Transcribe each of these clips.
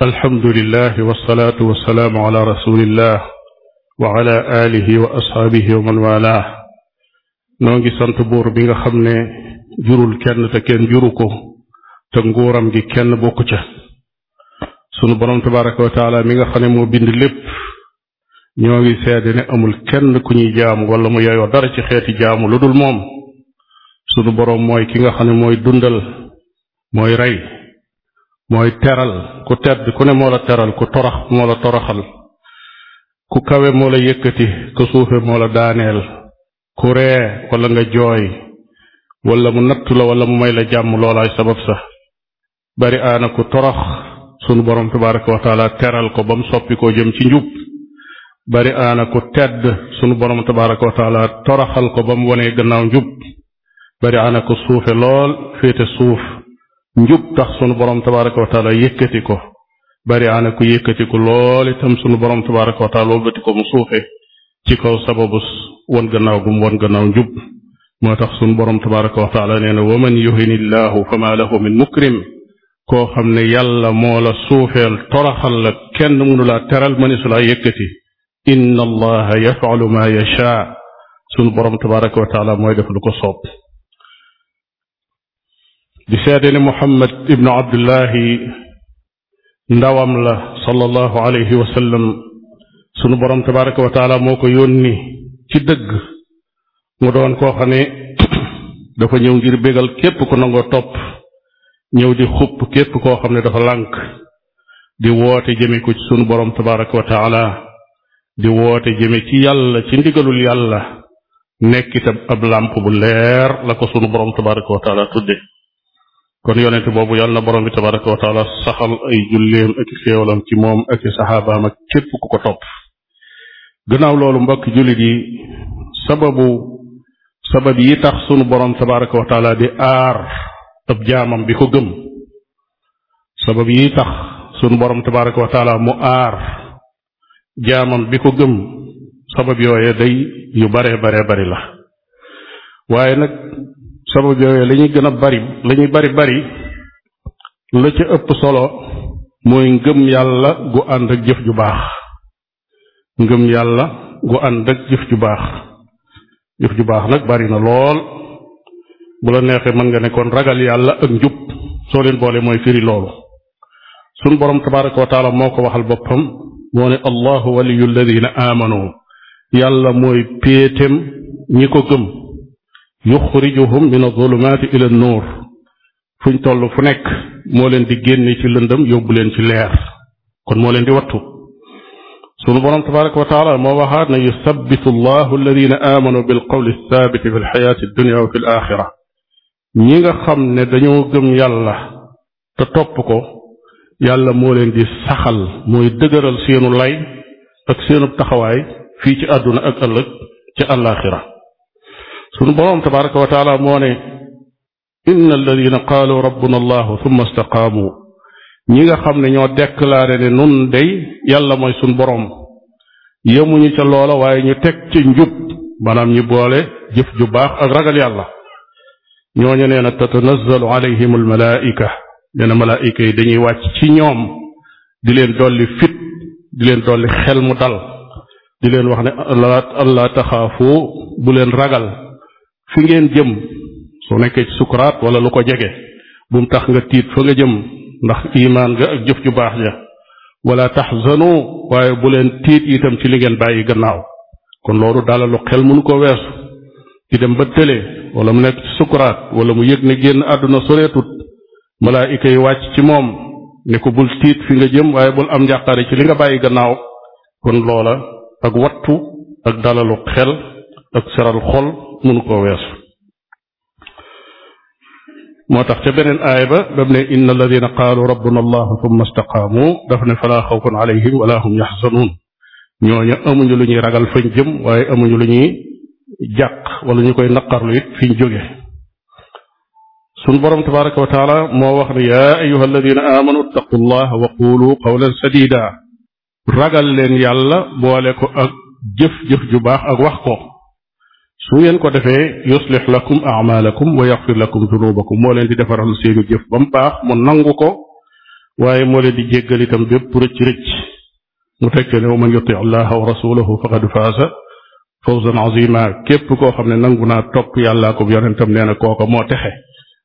alhamdulilah wasalaatu wasalaamu ala rasulillah wa ala wa man walaah noo ngi sant buur bi nga xam ne jurul kenn te kenn juru ko te nguuram gi kenn bokku ca sunu boroom tabaraka wa taala mi nga xam ne moo bind lépp ñoo ngi seede ne amul kenn ku ñuy jaamu wala mu yeyoo dara ci xeeti jaamu lu dul moom sunu boroom mooy ki nga xam ne mooy dundal mooy rey mooy teral ku tedd ku ne moo la teral ku torox moo la toroxal ku kawe moo la yëkkati ku suufe moo la daaneel ku ree wala nga jooy wala mu nattu la wala mu may la jàmm loolaay sabab sax bari aana ku torox sunu borom tabaraka wa taala teral ko ba mu soppi koo jëm ci njub bari aana ku tedd sunu boromu tabaraka wa taala toroxal ko ba mu wonee gannaaw njub bari aana ku suufe lool féete suuf njub tax sunu borom tabaraka wa taala yëkkati ko bari ana ku yëkkati ko lool itam sunu borom tabaraka wa taala wëlbati ko mu suufe ci kaw sababus wan gannaaw gum wan gannaaw njub moo tax sunu borom tabaraka wa taala nee na waman yuhini llahu fama lahu min mukrim koo xam ne yàlla moo la suufeel toraxal la kenn mënu laa teral mënisu laa yëkkati inna allaha yafalu ma yashaa sunu borom tabaraka wa taala mooy def lu ko soob di seede ni muhammad ibnu abdullahi ndawam la sallallahu alayhi wa sunu borom tabaraka wa taala moo ko yónni ci dëgg mu doon koo xam dafa ñëw ngir bégal képp ku nangoo topp ñëw di xupp képp koo xam ne dafa lànk di woote jëme ko sunu borom tabaraka wa taala di woote jëme ci yàlla ci ndigalul yàlla nekk itam ab làmp bu leer la ko sunu borom tabaraka wa taala tudde kon yonent boobu yàlla na borom bi tabaraka wa taala saxal ay julleem ak xéewalam ci moom ak saxaabaam ak képp ku ko topp gannaaw loolu mbokk jullit yi sababu sabab yi tax sunu boroom tabaraka wa taala ab jaamam bi ko gëm yi tax sunu borom tabaraka wa taala mu aar jaamam bi ko gëm sabab yooye day yu bare bare bari la waaye nag sabab yooyu la ñuy gën a bari la ñuy bari bari la ca ëpp solo mooy ngëm yàlla gu ànd ak jëf ju baax ngëm yàlla gu ànd ak jëf ju baax ju baax nag bari na lool bu la neexee man nga ne kon ragal yàlla ak njub soo leen boole mooy firi loolu sun borom tabaraka wa taala moo ko waxal boppam moo ne allahu waliyu alladina amanu yàlla mooy péetem ñi ko gëm yuxrijuhum min azulumaati ila nuur fuñ toll fu nekk moo leen di génne ci lëndëm yóbbu leen ci leer kon moo leen di wattu sunu boroom tabaraka wa taala moo waxaat ne yusabbitu allahu alladina amanu bilqawli saabiti fi lxayaati dunia wa nga xam ne dañoo gëm yàlla te topp ko yàlla moo leen di saxal mooy dëgëral seenu lay ak seenu taxawaay fii ci àdduna ak ëllëg ci àllaaxira sunu boroom tabaraka wa taala moo ne inna alladina qaalu rabbuna allahu thumma istaqaamu ñi nga xam ne ñoo déclaré ne nun day yàlla mooy sunu boroom yemuñu ca loola waaye ñu teg ci njub maanaam ñi boole jëf ju baax ak ragal yàlla ñoo ñooñu nee na tatanazzalu alayhim almalaika nee na malaayika yi dañuy wàcc ci ñoom di leen dolli fit di leen dolli xel mu dal di leen wax ne allah taxaafu bu leen ragal fi ngeen jëm soo nekkee ci sukuraat wala lu ko jege bum tax nga tiit fa nga jëm ndax imaan nga ak jëf ju baax ja tax taxzanu waaye bu leen tiit itam ci li ngeen bàyyi gannaaw kon loolu daalalu xel mënu ko weesu di dem ba tële wala mu nekk ci sukuraat wala mu yëg ne génn àdduna soreetut malaayika yi wàcc ci moom ne ko bul tiit fi nga jëm waaye bul am njàqare ci li nga bàyyi gannaaw kon loola ak wattu ak dalalu xel ak seral xol mënu koo weesu moo tax ca beneen aay ba ba mu ne inna alladina qaalu rabbuna allah thumma istaqaamu daf ne falaa xawfun alayhim wala lu ñuy ragal fañ jëm waaye amuñu lu ñuy jàq wala ñu koy naqarlu it fiñ jóge sun borom tabaraka wa taala moo wax ne yaa ayuha alladina aamanu ittaqu allah wa qulu qawlan sadida ragal leen yàlla boole ko ak jëf-jëf ju baax ak wax ko su ngeen ko defee yuslix lakum amalakum wa yaxfir lakum dunubakum moo leen di defaroon seenu jëf ba mu baax mu nangu ko waaye moo leen di jéggal itam bépp rëcc-rëcc mu tekk ne wa man yuti allaha wa rasulahu faqad faasa fawzan azima képp koo xam ne nangu naa topp yàllaa ko yonentam nee na kooka moo texe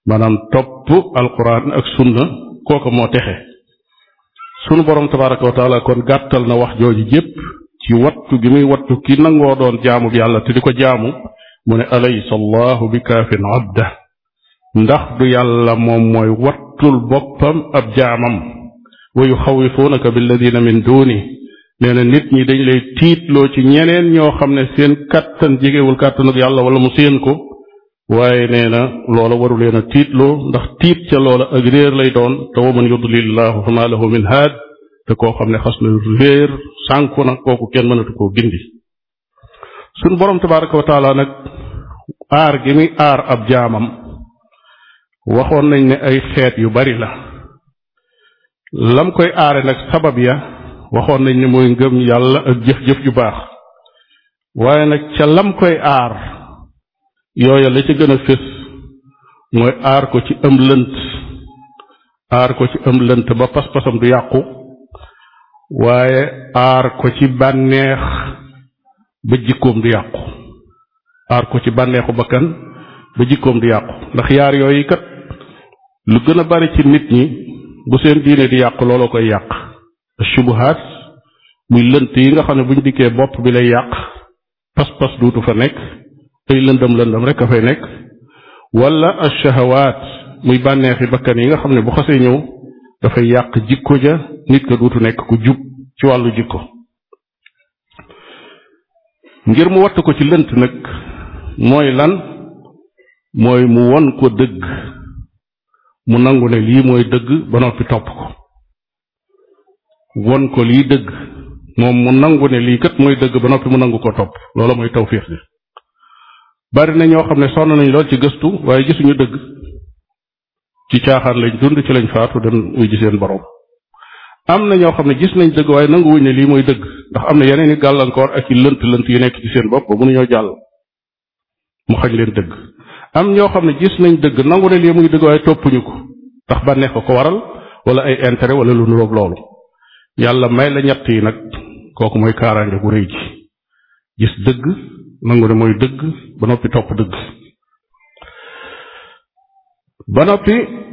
maanaam topp alquran ak sunna kooka moo texe sunu borom tabaraka wa taala kon gàttal na wax jooju jépp ci wattu gi muy wattu ki nangoo doon jaamu yàlla te di ko jaamu mu ne alaysa allahu bi kaafin abda ndax du yàlla moom mooy wattul boppam ab jaamam wa yuxawifuunaka billadina min duuni nee na nit ñi dañ lay tiitloo ci ñeneen ñoo xam ne seen kattan jegewul kàttan ak yàlla wala mu séen ko waaye nee na loola waru leen a tiitloo ndax tiit ca loola ak réer lay doon te wa man yudlilillahu fama lahu min haad te koo xam ne xas na réer sànku na kooku kenn mënatu koo gindi suñ borom tabaraka wa taala nag aar gi muy aar ab jaamam waxoon nañ ne ay xeet yu bari la lam koy aare nag sabab ya waxoon nañ ne mooy ngëm yàlla ak jëf-jëf yu baax waaye nag ca lam koy aar yooya la ca gën a fés mooy aar ko ci am lënt aar ko ci am lënt ba pas-pasam du yàqu waaye aar ko ci bànneex ba jikkoom du yàqu aar ci bànneexu bakkan ba jikkoom du yàqu ndax yaar yooyu kat lu gën a bari ci nit ñi bu seen diine di yàqu looloo koy yàq subuhaat muy lënt yi nga xam ne buñ dikkee bopp bi lay yàq pas duutu fa nekk ay lëndam lëndam rek a fay nekk wala achahawaat muy bànneexi bakkan yi nga xam ne bu xasee ñëw dafay yàq jikko ja nit ka duutu nekk ku jub ci wàllu jikko ngir mu wattu ko ci lënt nag mooy lan mooy mu won ko dëgg mu nangu ne lii mooy dëgg ba noppi topp ko won ko lii dëgg moom mu nangu ne lii kat mooy dëgg ba noppi mu nangu ko topp loola mooy tawfiix ji bari na ñoo xam ne sonn nañu lool ci gëstu waaye gisuñu dëgg ci caaxaan lañ dund ci lañ faatu dem uy ji seen borom am na ñoo xam ne gis nañ dëgg waaye nanguwuñ ne lii mooy dëgg ndax am na yeneen i gàllankoor ak i lënt-lënt yu nekk ci seen bopp ba ñoo jàll mu xañ leen dëgg am ñoo xam ne gis nañ dëgg nangu ne lii muy dëgg waaye toppuñu ko ndax bànneex ko ko waral wala ay intérêt wala lu nuroog loolu yàlla may la ñett yi nag kooku mooy kaaraange bu rëy ji gis dëgg nangu ne mooy dëgg ba noppi topp dëgg ba noppi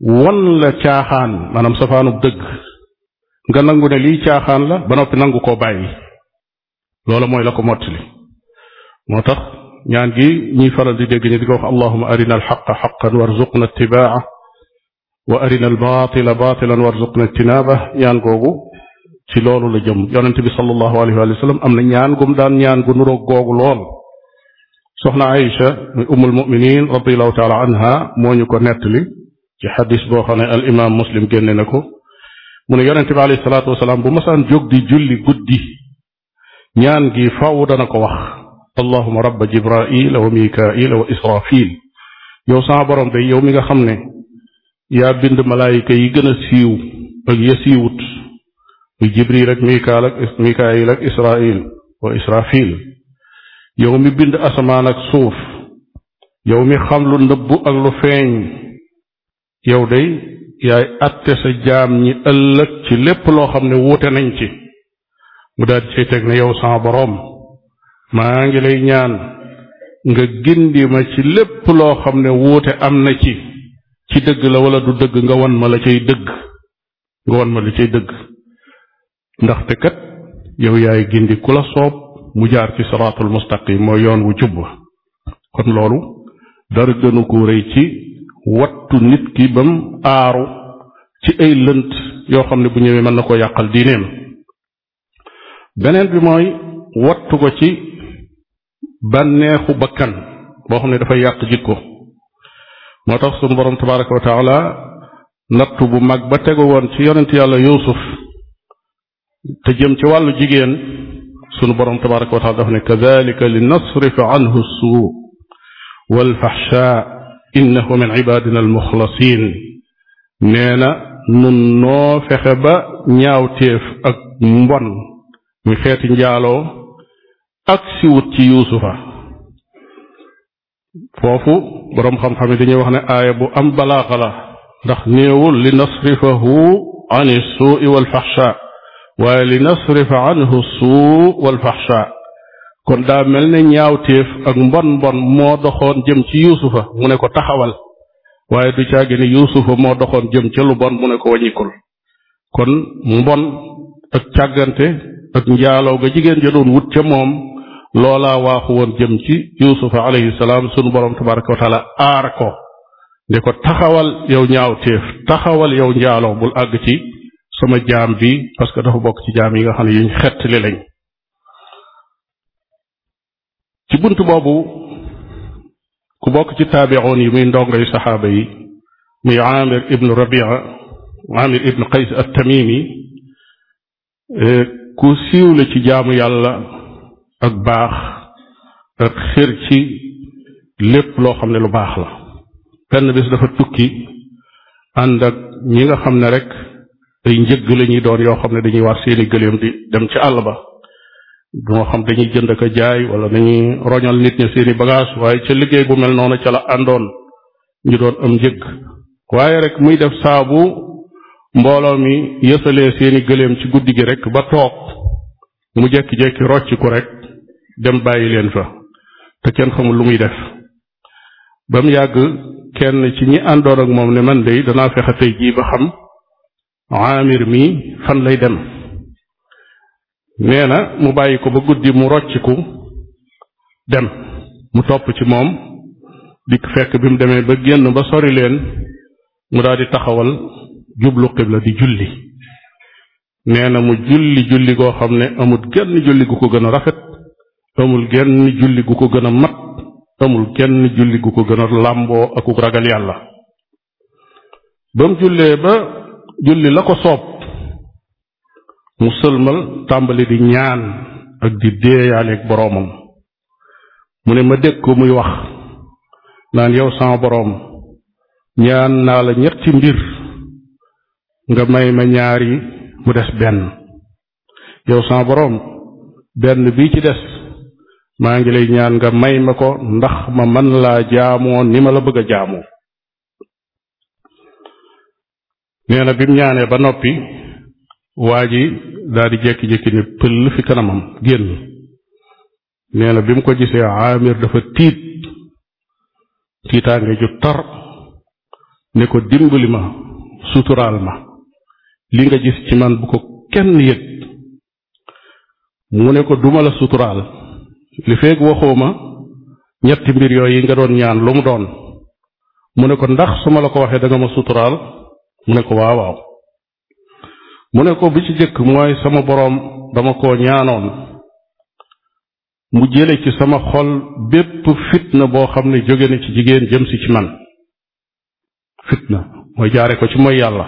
won la caaxaan maanaam safaanub dëgg nga nangu ne lii caaxaan la ba noppi nangu koo bàyyi loola mooy la ko mottali moo tax ñaan gi ñuy faral di dégg ñu di ko wax allahuma arina alxaqa xaqan warzuqna ittibaa wa arina albatila ñaan googu ci loolu la jëm yonente bi sallallahu alayhi wa sallam na ñaan gum daan ñaan gu nuroog googu lool soxna Aïcha muy ummul muminin radiallahu moo ñu ko nettali ci xadis boo xam ne al muslim génne na ko mu ne yonente bi alayhi salaatu wasalaam bu masaan jóg di julli guddi ñaan gi faaw dana ko wax allahuma rabba jibraila wa mikaila wa israfil yow sama borom day yow mi nga xam ne yaa bind malaayika yi gën a siiw ak ya siiwut muy jibril ak mikaal ak mikail wa israfil yow mi bind asamaan ak suuf yow mi xam lu nëbbu ak lu feeñ yow day yaay atte sa jaam ñi ëllëg ci lépp loo xam ne wuute nañ ci mu daal di cay teg ne yow sama boroom maa ngi lay ñaan nga gindi ma ci lépp loo xam ne wuute am na ci ci dëgg la wala du dëgg nga wan ma la cay dëgg nga ma la cay dëgg ndaxte kat yow yaay gindi ku la soob mu jaar ci siraatul mustaqim mooy yoon wu jub kon loolu dara gënu ko rëy ci wattu nit ki ba aaru ci ay lënt yoo xam ne bu ñëwee mën na koo yàqal diineem beneen bi mooy wattu ko ci bànneexu bakkan boo xam ne dafay yàq jikko moo tax sunu borom tabaraka wa taala nattu bu mag ba tegu woon ci yonent yàlla yuusuf te jëm ci wàllu jigéen sunu borom tabaraka wa taala dafa ne kadalika li nasrifa anhu suu walfaxsha innahu min ibadina almuxlasin nee na nun noo fexe ba ñaawteef ak mbon muy xeeti njaaloo ak siwut ci yuusufa foofu boroom xam-xam yi dañuy wax ne aaya bu am balaaxa la ndax néewul li nasrifahu an suui walfaxsha waaye li nasrifa anhu suu walfaxsha kon daa mel ne ñaaw ñaawteef ak mbon mbon moo doxoon jëm ci yuusufa mu ne ko taxawal waaye du caagi ne yuusufa moo doxoon jëm ca lu bon mu ne ko wañikul kon mbon ak càggante ak njaaloo ga jigéen ja doon wut ca moom loola waaxu woon jëm ci yuusufa alayhi salaam sunu borom tabaraka wa taala aar ko ne ko taxawal yow ñaawteef taxawal yow njaaloo bul àgg ci sama jaam bi parce que dafa bokk ci jaam yi nga xam ne yuñ xettali lañ ci bunt boobu ku bokk ci taabiroon yi muy ndongo yu saxaaba yi muy amir ibnu rabia amir ibnu qays at tamimi e, ku siiw la ci jaamu yàlla ak baax ak xër ci lépp loo xam ne lu baax la benn bés dafa tukki ànd ak ñi nga xam ne rek ay njëgg la ñuy doon yoo xam ne dañuy war seeni gëléem di dem ci àll ba moo xam dañuy jënd ak jaay wala dañuy roñal nit ñi seeni bagage waaye ca liggéey bu mel noonu ca la àndoon ñu doon am njëkk waaye rek muy def saabu mbooloo mi yësalee seeni gëléem ci guddi gi rek ba toog mu jekki-jekki rocciku rek dem bàyyi leen fa te kenn xamul lu muy def ba mu yàgg kenn ci ñi àndoon ak moom ne man de danaa fexe tey jii ba xam amir mi fan lay dem nee na mu bàyyi ko ba guddi mu rocciku dem mu topp ci moom dikk fekk bi mu demee ba génn ba sori leen mu daal di taxawal jublu xibla di julli nee na mu julli julli goo xam ne amul genn julli gu ko gën a rafet amul genn julli gu ko gën a mat amul genn julli gu ko gën làmboo aku ragal yàlla ba mu jullee ba julli la ko soob mu sëlmal tàmbali di ñaan ak di déeyaaleeg boroomam mu ne ma dégg ko muy wax naan yow sama boroom ñaan naa la ñetti mbir nga may ma ñaar mu des benn yow sama boroom benn bii ci des maa ngi lay ñaan nga may ma ko ndax ma man laa jaamoo ni ma la bëgg a jaamoo nee bi mu ñaanee ba noppi waa ji daal di jékki-jékki ne pël fi kanamam génn nee bi mu ko gisee Amir dafa tiit tiitaange ju tar ne ko dimbali ma suturaal ma li nga gis ci man bu ko kenn yëg mu ne ko duma la suturaal li feeg waxoo ma ñetti mbir yooyu nga doon ñaan lu mu doon mu ne ko ndax su ma la ko waxee da nga ma suturaal mu ne ko waaw mu ne ko bi ci jëkk mooy sama boroom dama koo ñaanoon mu jële ci sama xol bépp fitna boo xam ne jóge na ci jigéen jëm ci man fitna mooy jaare ko ci mooy yàlla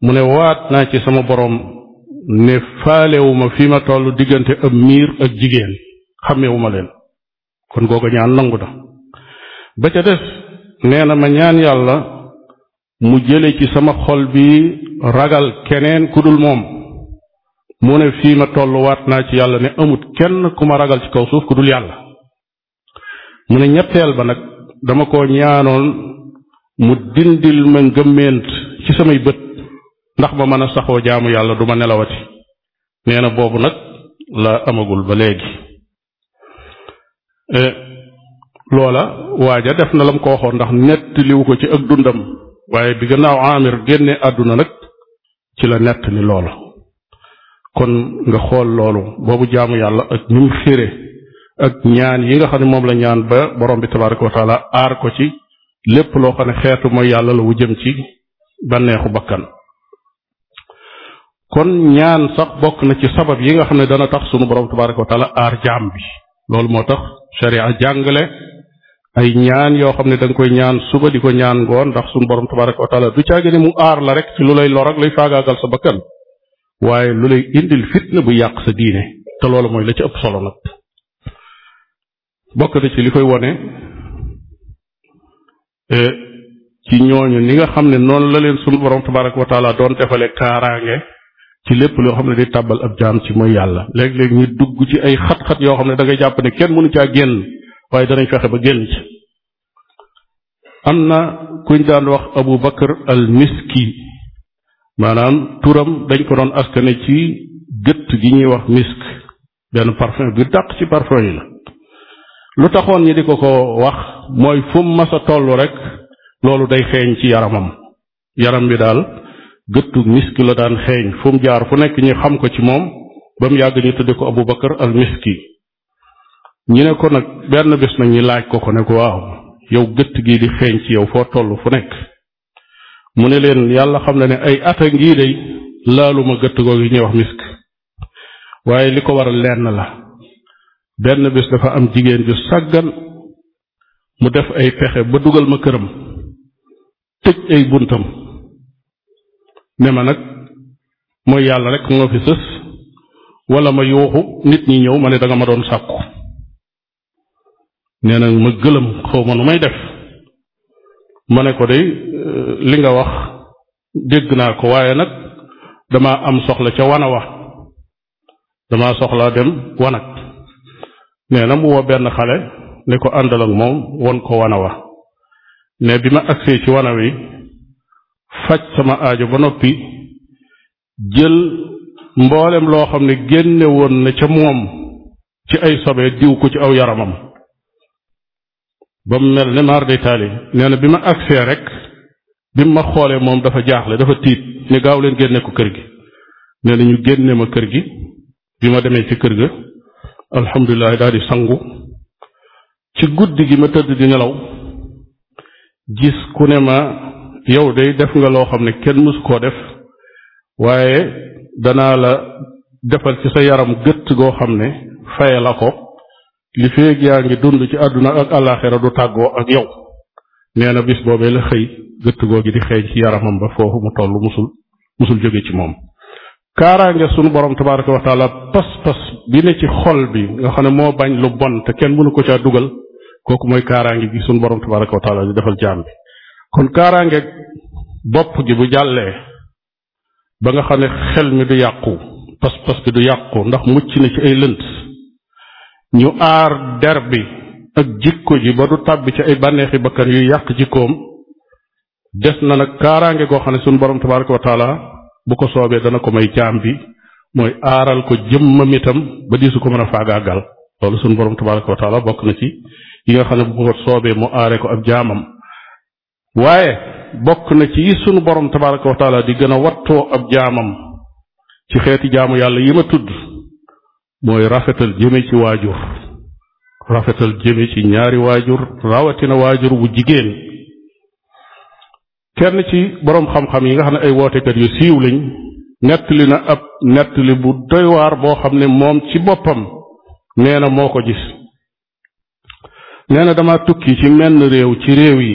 mu ne waat naa ci sama boroom ne faalewuma fi ma tollu diggante ab miir ak jigéen xàmmewuma leen kon googa ñaan nangu na ba ca des nee na ma ñaan yàlla mu jële ci sama xol bi ragal keneen ku dul moom mu ne fii ma tolluwaat naa ci yàlla ne amut kenn ku ma ragal ci kaw suuf ku dul yàlla mu ne ñetteel ba nag dama ko ñaanoon mu dindil ma ngëmmeent ci samay bët ndax ma mën a saxoo jaamu yàlla du ma nelawati nee na boobu nag la amagul ba léegi eh, loola waaja def na la mu ko waxoon ndax nettaliwu ko ci ak dundam waaye bi gannaaw amir génne àdduna nag ci la nett li lool kon nga xool loolu boobu jaamu yàlla ak ni mu ak ñaan yi nga xam ne moom la ñaan ba borom bi tabaraka wa taala aar ko ci lépp loo xam ne xeetu mooy yàlla la wu jëm ci banneexu bakkan kon ñaan sax bokk na ci sabab yi nga xam ne dana tax sunu borom tabaraka wa taala aar jaam bi loolu moo tax sharia jàngale ay ñaan yoo xam ne da koy ñaan suba di ko ñaan ngoon ndax suñu borom tabaraka wa taala du caagi ne mu aar la rek ci lu lay lor ak lay faagaagal sa bakkan waaye lu lay indil fitna bu yàq sa diine te loolu mooy la ci ëpp solo nag bokk ci li koy wone e, ci ñooñu ni nga xam ne noonu la leen suñu borom tabaraka wa taala doon defale kaaraange ci lépp loo xam ne day tàbbal ab jaam ci mooy yàlla léeg-léeg ñu dugg ci ay xat-xat yoo xam ne da ngay jàpp ne kenn mënu caa génn waaye danañ fexe ba génn ci am na kuñ daan wax abu bakar al miski maanaam turam dañ ko doon askane ci gëtt gi ñuy wax misk benn parfum bi dàq ci parfum yi la lu taxoon ñi di ko ko wax mooy fu mu mas toll rek loolu day xeeñ ci yaramam yaram bi daal gëttu misk la daan xeeñ fu jaar fu nekk ñu xam ko ci moom ba mu yàgg ñu tudde ko abu bakar al miski ñu ne ko nag benn bis nag ñu laaj ko ko ne ko waaw yow gëtt gii di xeeñ ci yow foo toll fu nekk mu ne leen yàlla xam na ne ay ata ngii day laaluma gëtt googu ñuy wax misk waaye li ko waral lenn la benn bis dafa am jigéen ju sàggan mu def ay pexe ba dugal ma këram tëj ay buntam ne ma nag mooy yàlla rek moo fi sës wala ma yuuxu nit ñi ñëw ma ne danga ma doon sàkku nee na ma gëlëm xaw ma nu may def ma ne ko de euh, li nga wax dégg naa ko waaye nag dama am soxla ca wana wa dama soxlaa dem wanag nee na mu woo benn xale ne ko àndal ak moom won ko wana wa ne bi ma agsee ci wana wi faj sama aajo ba noppi jël mboolem loo xam ne génne woon na ca moom ci ay sobe diw ko ci aw yaramam ba mu mel ne maar day taali nee na bi ma agsee rek bi ma xoolee moom dafa jaaxle dafa tiit ni gaaw leen génne ko kër gi nee na ñu génne ma kër gi bi ma demee ci kër ga alhamdulilah daal di sangu ci guddi gi ma tëdd di nelaw gis ku ne ma yow day def nga loo xam ne kenn mësu koo def waaye danaa la defal ci sa yaram gëtt goo xam ne faye la ko li feeg yaa ngi dund ci àdduna ak alaxira du tàggoo ak yow nee na bis boobee la xëy gëtt googi di xëy ci yaramam ba foofu mu toll musul musul jóge ci moom kaaraange sunu borom tabaraka wa taala pas-pas bi ne ci xol bi nga xam ne moo bañ lu bon te kenn mënu ko caa dugal kooku mooy kaaraange gi sunu borom tabaraka wa taala di defal jaam bi kon kaaraange bopp gi bu jàllee ba nga xam ne xel mi du yàqu pas-pas bi du yàqu ndax mucc na ci ay lënt ñu aar der bi ak jikko ji ba du tàbbi ci ay bànneexi bakkan yu yàq jikkoom des na nag kaaraange koo xam ne suñu borom tabaraka bu ko soobee dana ko may jaam bi mooy aaral ko jëmmam itam ba diisu ko mën faagaagal loolu suñu borom tabaraka bokk na ci yi nga xam ne bu mu aare ko ab jaamam waaye bokk na ci sunu borom tabaraka wa di gën a wattoo ab jaamam ci xeeti jaamu yàlla yi ma tudd mooy rafetal jëme ci waajur rafetal jëme ci ñaari waajur rawatina waajur bu jigéen kenn ci boroom xam-xam yi nga xam ne ay wootekat yu siiw lañ nettali na ab nettali bu doy boo xam ne moom ci boppam nee na moo ko gis nee dama tukki ci menn réew ci réew yi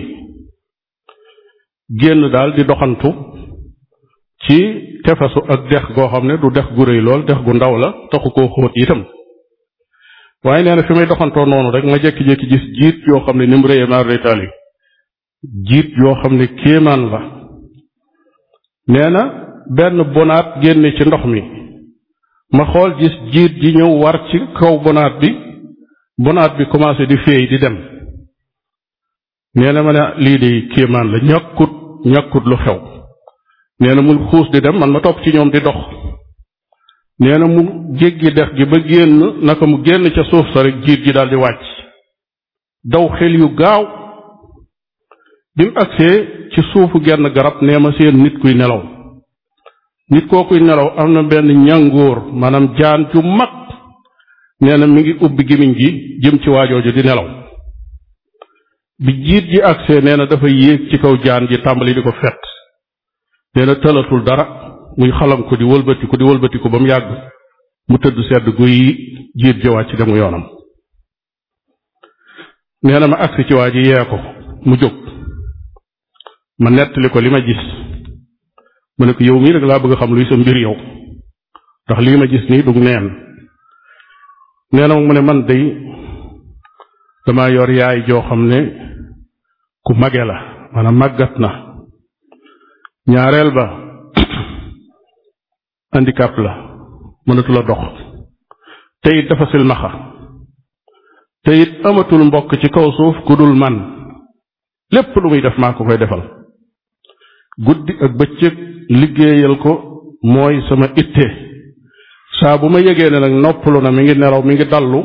génn daal di doxantu ci tefesu ak dex goo xam ne du dex gu rëy lool dex gu ndaw la taxu koo xóot itam waaye nee na fi may doxantoo noonu rek ma jekki jékki gis jiit yoo xam ne ni mu rëyee maar retaal yi jiit yoo xam ne kéemaan la nee na benn bonaat génne ci ndox mi ma xool gis jiit ji ñëw war ci kaw bonaat bi bonaat bi commencé di féey di dem nee na ma ne lii de kéemaan la ñàkkut ñàkkut lu xew nee na mu xuus di dem man ma topp ci ñoom di dox nee na mu jéggi dex gi ba génn naka mu génn ca suuf sa rek jiit ji daal di wàcc daw xel yu gaaw bim mu agsee ci suufu genn garab nee ma seen nit kuy nelaw nit kookuy nelaw am na benn ñàngoor maanaam jaan ju mag nee na mi ngi ubbi gimiñ gi jëm ci waajooju di nelaw bi jiit ji agsee nee na dafa yéeg ci kaw jaan ji tàmbali di ko fett nee na tëlatul dara muy xalam ko di wëlbati ko di wëlbati ko ba mu yàgg mu tëdd sedd guy jiit ji ci demu yoonam nee na ma agsi ci waa ji yee ko mu jóg ma nettali ko li ma gis mu ne ko yow mii rek laa bëgg xam luy sa mbir yow ndax lii ma gis nii dug neen nee na mu ne man day dama yor yaay joo xam ne ku mage la maanaam màggat na ñaareel ba handicap la mënatu la dox te it dafa silmaxa te amatul mbokk ci kaw suuf ku dul man lépp lu muy def maa ko koy defal guddi ak bëccëg liggéeyal ko mooy sama itte saa bu ma yëgee ne nag noppalu na mi ngi nelaw mi ngi dallu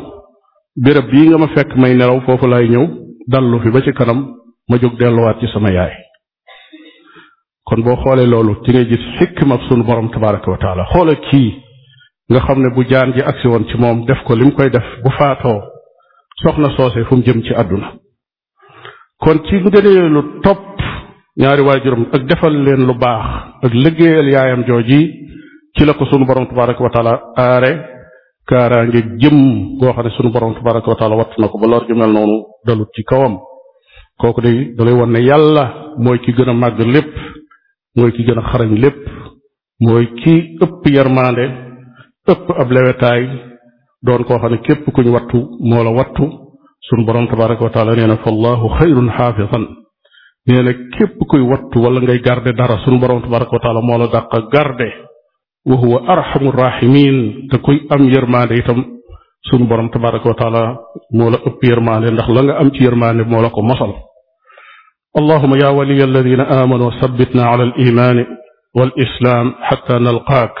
béréb bii nga ma fekk may nelaw foofu laay ñëw dallu fi ba ci kanam ma jóg delluwaat ci sama yaay kon boo xoolee loolu ci ngay gis xikma sunu boroom tabaraka wa taala xoola kii nga xam ne bu jaan ji agsi woon ci moom def ko lim koy def bu faatoo soxna soose fu mu jëm ci àdduna kon ci ngënee lu topp ñaari waajuram ak defal leen lu baax ak liggéeyal yaayam jooji ci la ko sunu borom tabaraka wa taala aare kaaraange jëm goo xam ne sunu borom tabaraka wa na ko ba lor ju mel noonu dalut ci kawam kooku day dalay won ne yàlla mooy ki gën a màgg lépp mooy ki gën a xarañ lépp mooy ki ëpp yermande ëpp ab lewetaay doon koo xam ne képp kuñ wattu moo la wattu sun borom tabaraka wa taala nee na fa allahu xayrun xaafisan nee képp kuy wattu wala ngay garde dara sun borom tabaraka wa moo la dàq garde wa huwa arxamu rahimin te kuy am yermande itam sunu borom tabaraka wa taala moo la ëpp yermande ndax la nga am ci yermande moo la ko mosal allahuma ya waliya alladina amanu sabbitna ala alimaani walislaam xata nalqaak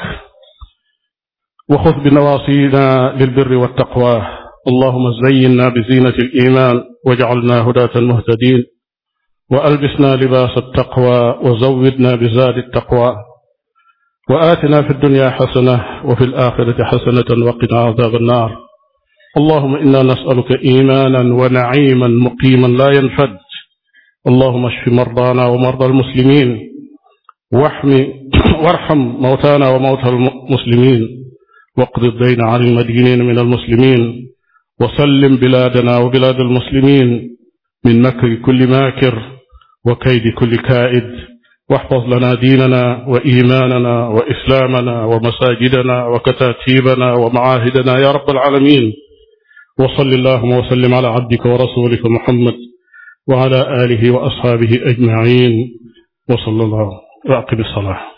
waxud binawaasina lilbirri waltaqwa allahuma zayyinna bizinati aliman wajcalna hudatan muhtadin wa albisna libaas altaqwa wa zawidna bizaadi altaqwa wa aatina fi dunya xasana wa fi alaxirati xasanatan wa qina aadaab annaar allahuma inna nasaluka imanan wa naciman muqiman la yanfad allahuma ashfi mardaana wa marda almuslimin waxmi warxam mawtaana wa mawta almuslimin waqdi dayna an almadinin min almuslimin wasallim bilaadana wa bilaad almuslimin min makri kulli maakir wa kaydi kulli kaaid واحفظ لنا ديننا وإيماننا وإسلامنا ومساجدنا وكتاتيبنا ومعاهدنا يا رب العالمين وصل اللهم وسلم على عبدك ورسولك محمد wa ala aalihi wa ashaabihi ajmaciin wa sallallaahu wa aqimi salaah